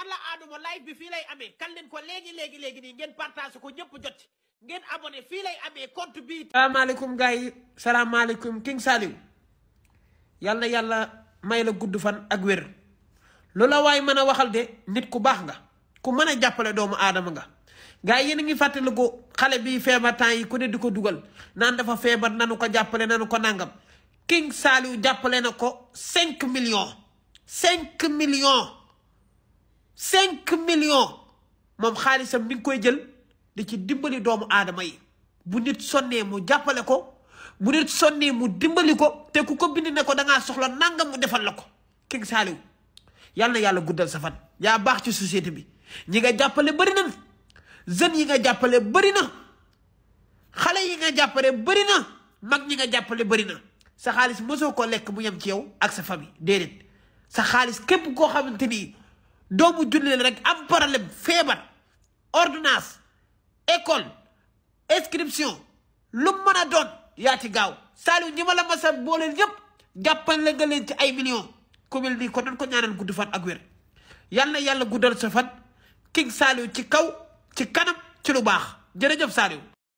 alla aaduma live bi fii lay amee kan leen ko léegi léegi léegi nii ngeen partage ko ñëpp jot ngeen abonné fii lay amee compte bi. salaamaaleykum gars yi salaamaaleykum King Saliou na yàlla may la gudd fan ak wér loolu waay mën a waxal de nit ku baax nga ku mën a jàppale doomu aadama nga. gars yi yéen a ngi fàttaliku xale bi feebar temps yi ku ne di ko dugal naan dafa feebar nanu ko jàppale nanu ko nangam King Saliou jàppale na ko cinq million cinq million cinq million moom xaalisam mi ngi koy jël di ci dimbali doomu aadama yi bu nit sonnee mu jàppale ko bu nit sonnee mu dimbali ko te ku ko bind na ko da soxla nangam mu defal la ko King Saliou yàlla yàlla guddal sa fan yaa baax ci société bi ñi nga jàppale bëri na jeunes yi nga jàppale bëri na xale yi nga jàppale bëri na mag ñi nga jàppale bëri na sa xaalis mosoo ko lekk mu yem ci yow ak sa famille déedéet sa xaalis képp koo xamante ni doomu jullit rek am problème feebar ordonnance école inscription lu mën a doon yaa ci gaaw Saliou ñi ma la masa booleel yëpp jàppale nga leen ci ay millions ku mel nii ko doon ko ñaanal gudd fan ak wér na yàlla guddal sa fan King Saliou ci kaw ci kanam ci lu baax jërëjëf Saliou